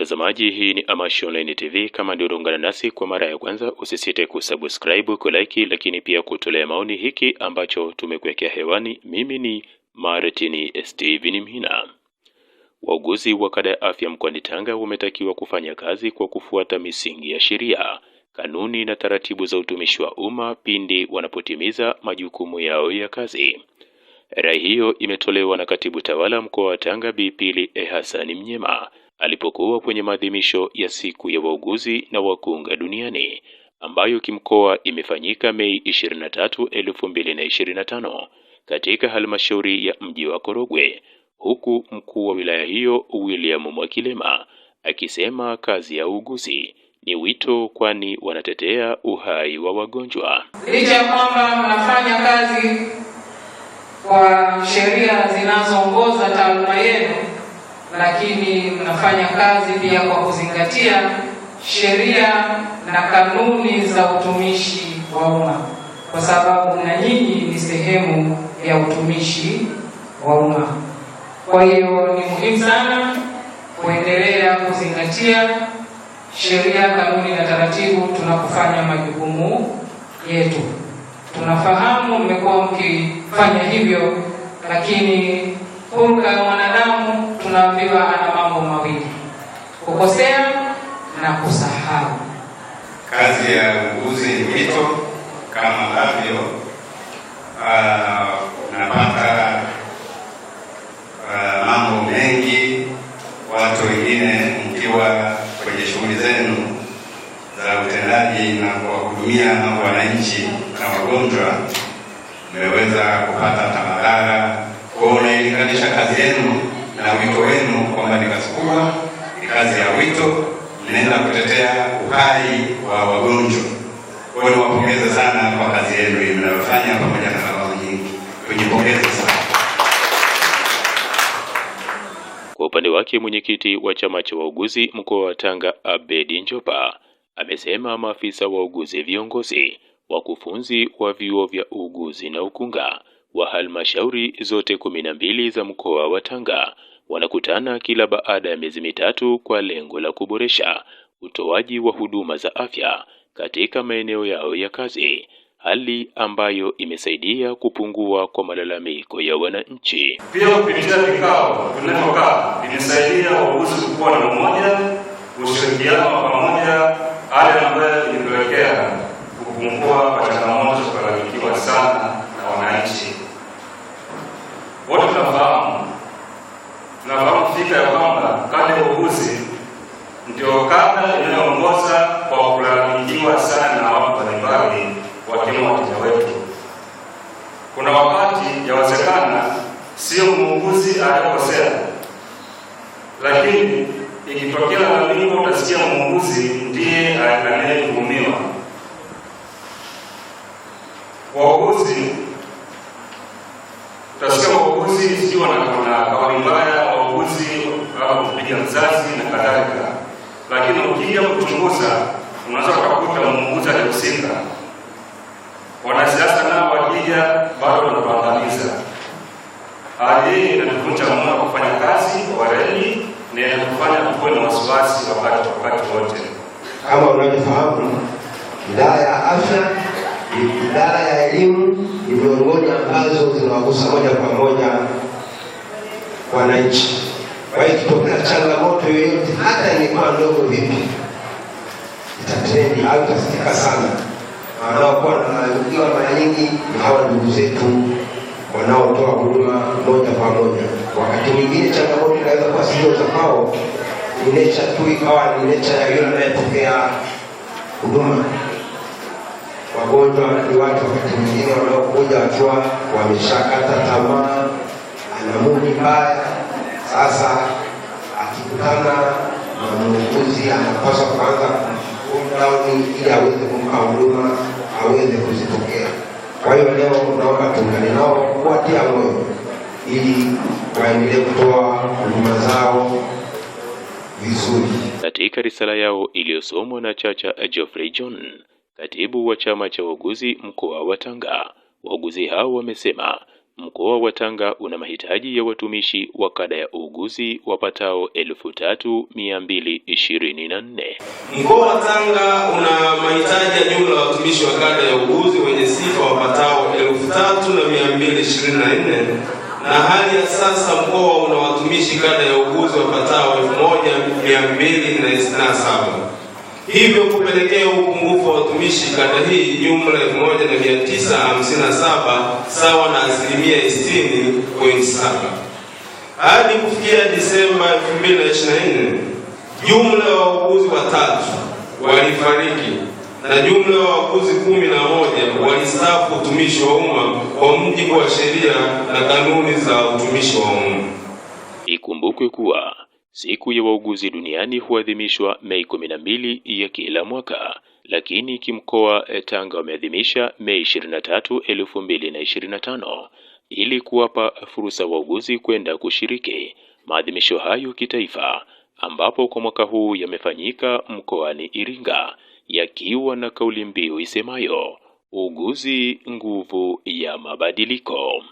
Mtazamaji, hii ni Amashi Online TV. Kama ndio unaungana nasi kwa mara ya kwanza, usisite kusubscribe, kulike, lakini pia kutolea maoni hiki ambacho tumekuwekea hewani. Mimi ni Martin Steven Mhina. Wauguzi wa kada ya afya mkoani Tanga wametakiwa kufanya kazi kwa kufuata misingi ya sheria, kanuni na taratibu za utumishi wa umma pindi wanapotimiza majukumu yao ya kazi. Rai hiyo imetolewa na katibu tawala mkoa wa Tanga Bi Pili E Hassan Mnyema alipokuwa kwenye maadhimisho ya siku ya wauguzi na wakunga duniani ambayo kimkoa imefanyika Mei 23, 2025 katika halmashauri ya mji wa Korogwe, huku mkuu wa wilaya hiyo William Mwakilema akisema kazi ya uuguzi ni wito, kwani wanatetea uhai wa wagonjwa. Licha ya kwamba mnafanya kazi kwa sheria zinazoongoza taaluma yenu lakini mnafanya kazi pia kwa kuzingatia sheria na kanuni za utumishi wa umma, kwa sababu na nyinyi ni sehemu ya utumishi wa umma. Kwa hiyo ni muhimu sana kuendelea kuzingatia sheria, kanuni na taratibu tunapofanya majukumu yetu. Tunafahamu mmekuwa mkifanya hivyo, lakini hulka ya tunaambiwa ana mambo mawili: kukosea na kusahau. Kazi ya uuguzi ni wito, kama ambavyo uh, unapata uh, mambo mengi, watu wengine mkiwa kwenye shughuli zenu za utendaji na kuwahudumia wananchi na wagonjwa, mmeweza kupata tamadhara. Kwa unailinganisha kazi yenu na wito wenu kwamba nikachukua ni kazi ya wito, mnaenda kutetea uhai wa wagonjwa. Kwa hiyo niwapongeze sana kwa kazi yenu hii mnayofanya, pamoja na sababu nyingi, kujipongeze sana. Kwa upande wake mwenyekiti wa chama cha wauguzi mkoa wa Tanga Abedi Njopa amesema maafisa wauguzi, viongozi, wakufunzi wa vyuo vya uuguzi na ukunga wa halmashauri zote kumi na mbili za mkoa wa Tanga wanakutana kila baada ya miezi mitatu kwa lengo la kuboresha utoaji wa huduma za afya katika maeneo yao ya kazi, hali ambayo imesaidia kupungua kwa malalamiko ya wananchi. Pia kupitia vikao vinavyokaa vimesaidia wauguzi kukuwa na umoja, ushirikiano wa pamoja, hali ambayo ilipelekea kupungua kwa changamoto kulalamikiwa sana sio muuguzi anakosea, lakini ikitokea mwalimu, utasikia muuguzi ndiye anayetuhumiwa. Wauguzi utasikia wauguzi na wanakona kauli mbaya, wauguzi au kupiga mzazi na kadhalika, lakini ukija kuchunguza unaweza ukakuta muuguzi alihusika. Wanasiasa nao wakija bado wanatuangamiza. Hali hii inatuvunja moyo kufanya kazi kwa weledi na inatufanya tukuwe na wasiwasi wakati wakati wote. Kama unavyofahamu, idara ya afya, idara ya elimu ni miongoni ambazo zinawagusa moja kwa moja wananchi. Kwa hiyo ikitokea changamoto yoyote, hata ingekuwa ndogo vipi, itatrendi au itasikika sana. Wanaokuwa wanalalamika mara nyingi ni hawa ndugu zetu wanaotoa huduma moja kwa moja. Wakati mwingine changamoto inaweza kuwa sio za kwao, ni tu, ikawa ni nature ya yule anayepokea huduma. Wagonjwa ni watu, wakati mwingine wanaokuja wakiwa wameshakata tamaa, ana mudi mbaya. Sasa akikutana na muuguzi, anapaswa kuanza kumdauni ili aweze kumpa huduma, aweze kuzipokea. Kwa hiyo leo tuungane nao kuwatia moyo ili waendelee kutoa huduma zao vizuri. Katika risala yao iliyosomwa na Chacha Geoffrey John, katibu wa chama cha wauguzi mkoa wa Tanga, wauguzi hao wamesema Mkoa wa Tanga una mahitaji ya watumishi wa kada ya uuguzi wapatao 3224. Mkoa wa Tanga una mahitaji ya jumla ya watumishi wa kada ya uuguzi wenye sifa wapatao 3224 na na hali ya sasa mkoa una watumishi kada ya uuguzi wapatao 1227 hivyo kupelekea upungufu wa watumishi kata hii jumla 1957 sawa na asilimia 60.7. Hadi kufikia Disemba 2024 jumla ya wauguzi watatu walifariki na jumla ya wauguzi kumi na moja walistaafu utumishi wa umma kwa mujibu wa sheria na kanuni za utumishi wa umma. Ikumbukwe kuwa Siku ya wauguzi duniani huadhimishwa Mei kumi na mbili ya kila mwaka, lakini kimkoa eh, Tanga wameadhimisha Mei 23, 2025 ili kuwapa fursa wauguzi kwenda kushiriki maadhimisho hayo kitaifa, ambapo kwa mwaka huu yamefanyika mkoani Iringa yakiwa na kauli mbiu isemayo Uuguzi nguvu ya mabadiliko.